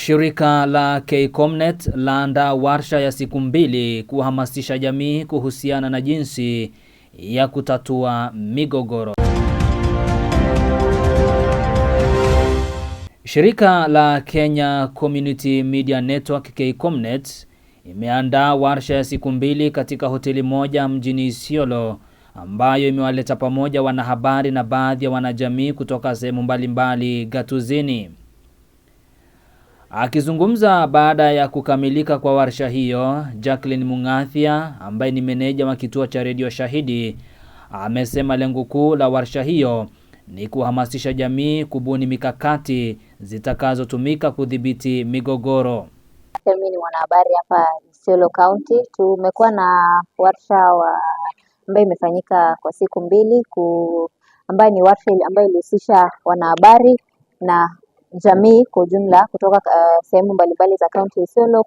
Shirika la KCOMNET laandaa warsha ya siku mbili kuhamasisha jamii kuhusiana na jinsi ya kutatua migogoro. Shirika la Kenya Community Media Network KCOMNET imeandaa warsha ya siku mbili katika hoteli moja mjini Isiolo ambayo imewaleta pamoja wanahabari na baadhi ya wanajamii kutoka sehemu mbalimbali gatuzini. Akizungumza baada ya kukamilika kwa warsha hiyo, Jacqueline Mungathia ambaye ni meneja wa kituo cha redio Shahidi amesema lengo kuu la warsha hiyo ni kuhamasisha jamii kubuni mikakati zitakazotumika kudhibiti migogoro. Mimi ni mwanahabari hapa Isiolo County. Tumekuwa na warsha wa ambayo imefanyika kwa siku mbili ku ambayo ni warsha ambayo ilihusisha wanahabari na jamii kwa ujumla kutoka uh, sehemu mbalimbali za kaunti ya Isiolo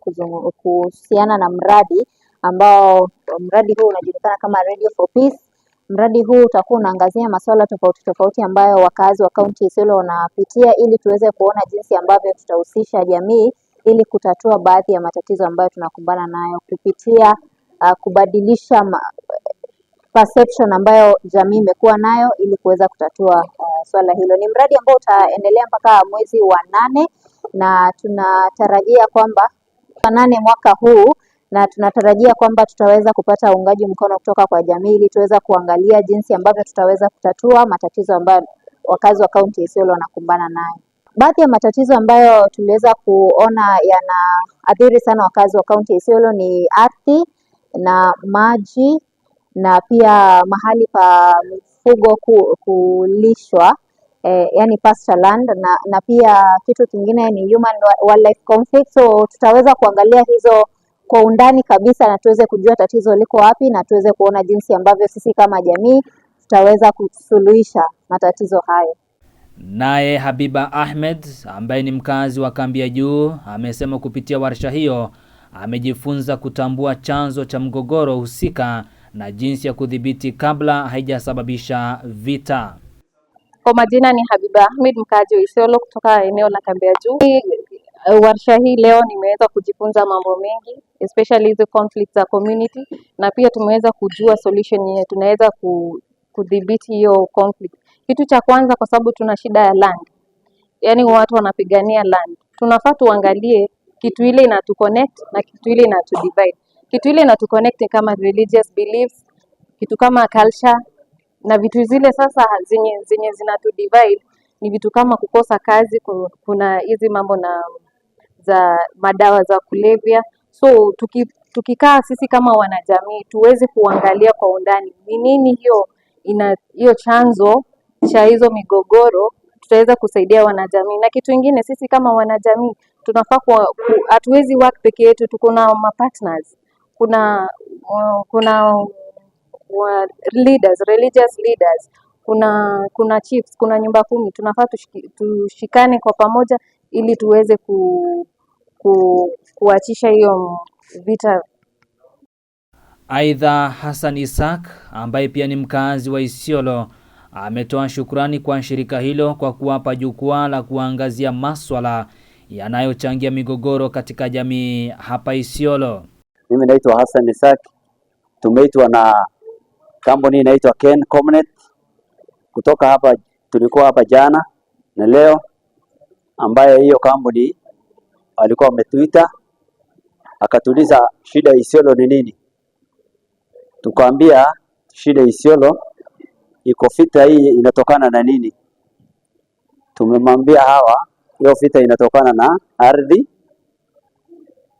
kuhusiana na mradi ambao mradi huu unajulikana kama Radio for Peace. Mradi huu utakuwa unaangazia masuala tofauti tofauti ambayo wakazi wa kaunti ya Isiolo wanapitia ili tuweze kuona jinsi ambavyo tutahusisha jamii ili kutatua baadhi ya matatizo ambayo tunakumbana nayo kupitia uh, kubadilisha ma perception ambayo jamii imekuwa nayo ili kuweza kutatua uh, swala hilo. Ni mradi ambao utaendelea mpaka mwezi wa nane na tunatarajia kwamba wa nane mwaka huu na tunatarajia kwamba tutaweza kupata uungaji mkono kutoka kwa jamii ili tuweza kuangalia jinsi ambavyo tutaweza kutatua matatizo ambayo wakazi wa kaunti ya Isiolo wanakumbana nayo. Baadhi ya matatizo ambayo tuliweza kuona yanaathiri sana wakazi wa kaunti ya Isiolo ni ardhi na maji na pia mahali pa mifugo kulishwa eh, yani pasture land na, na pia kitu kingine ni human wildlife conflict. So tutaweza kuangalia hizo kwa undani kabisa na tuweze kujua tatizo liko wapi na tuweze kuona jinsi ambavyo sisi kama jamii tutaweza kusuluhisha matatizo hayo. Naye Habiba Ahmed ambaye ni mkazi wa kambi ya juu amesema kupitia warsha hiyo amejifunza kutambua chanzo cha mgogoro husika na jinsi ya kudhibiti kabla haijasababisha vita. Kwa majina ni Habiba Ahmed, mkaaji wa Isiolo kutoka eneo la Kambea Juu. Eh, warsha hii leo nimeweza kujifunza mambo mengi especially the conflict za community, na pia tumeweza kujua solution yenye tunaweza kudhibiti hiyo conflict. Kitu cha kwanza, kwa sababu tuna shida ya land, yaani watu wanapigania land, tunafaa tuangalie kitu ile inatu na kitu ile inatu kitu ile inatu connect kama religious beliefs, kitu kama culture na vitu zile sasa zenye zenye zinatu divide ni vitu kama kukosa kazi, kuna hizi mambo na za madawa za kulevya. So tuki, tukikaa sisi kama wanajamii tuweze kuangalia kwa undani ni nini hiyo ina hiyo chanzo cha hizo migogoro, tutaweza kusaidia wanajamii. Na kitu ingine sisi kama wanajamii tunafaa, hatuwezi work peke yetu, tuko na mapartners kuna kuna wa leaders, religious leaders kuna kuna chiefs, kuna nyumba kumi. Tunafaa tushikane kwa pamoja ili tuweze ku, ku, kuachisha hiyo vita. Aidha, Hassan Isaac ambaye pia ni mkaazi wa Isiolo ametoa shukrani kwa shirika hilo kwa kuwapa jukwaa la kuangazia maswala yanayochangia migogoro katika jamii hapa Isiolo. Mimi naitwa Hassan Isaac, tumeitwa na kampuni inaitwa Ken Comnet kutoka hapa. Tulikuwa hapa jana na leo, ambaye hiyo kampuni alikuwa ametuita akatuliza shida Isiolo ni nini. Tukaambia shida Isiolo iko fita hii inatokana na nini. Tumemwambia hawa hiyo fita inatokana na ardhi,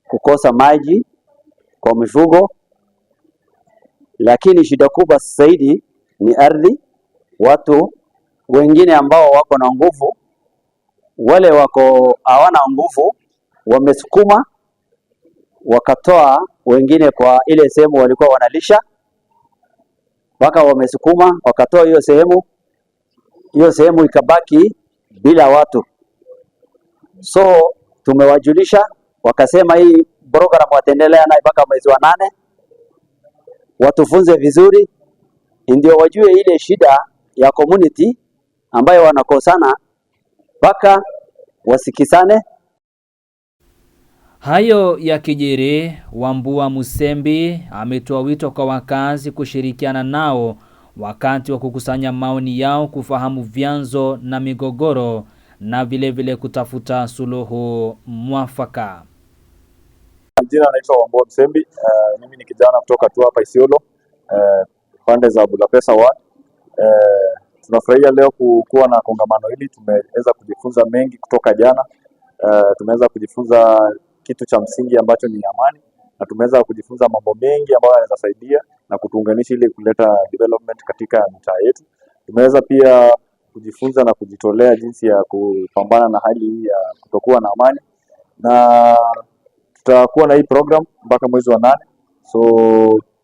kukosa maji kwa mifugo, lakini shida kubwa zaidi ni ardhi. Watu wengine ambao wako na nguvu, wale wako hawana nguvu, wamesukuma wakatoa wengine kwa ile sehemu walikuwa wanalisha, mpaka wamesukuma wakatoa hiyo sehemu, hiyo sehemu ikabaki bila watu. So tumewajulisha wakasema hii program wataendelea naye mpaka mwezi wa nane, watufunze vizuri ndio wajue ile shida ya community ambayo wanakosana mpaka wasikisane. Hayo ya kijiri, Wambua Musembi ametoa wito kwa wakazi kushirikiana nao wakati wa kukusanya maoni yao, kufahamu vyanzo na migogoro na vilevile vile kutafuta suluhu mwafaka majina anaitwa Wambua Msembi. Uh, eh, mimi ni kijana kutoka tu hapa Isiolo uh, pande za Bulapesa wa Uh, eh, tunafurahia leo kuwa na kongamano hili, tumeweza kujifunza mengi kutoka jana. Uh, tumeweza kujifunza kitu cha msingi ambacho ni amani na tumeweza kujifunza mambo mengi ambayo yanasaidia na kutuunganisha ili kuleta development katika mitaa yetu. Tumeweza pia kujifunza na kujitolea jinsi ya kupambana na hali hii ya kutokuwa na amani na tutakuwa na hii program mpaka mwezi wa nane, so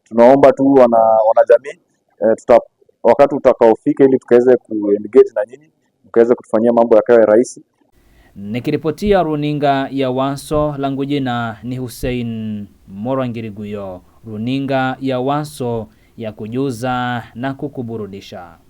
tunaomba tu wana wanajamii e, tuta, wakati utakaofika ili tukaweze kuengage na nyinyi mkaweze kutufanyia mambo yakawe rahisi. Nikiripotia runinga ya Waso, langu jina ni Hussein Morangiriguyo, runinga ya Waso ya kujuza na kukuburudisha.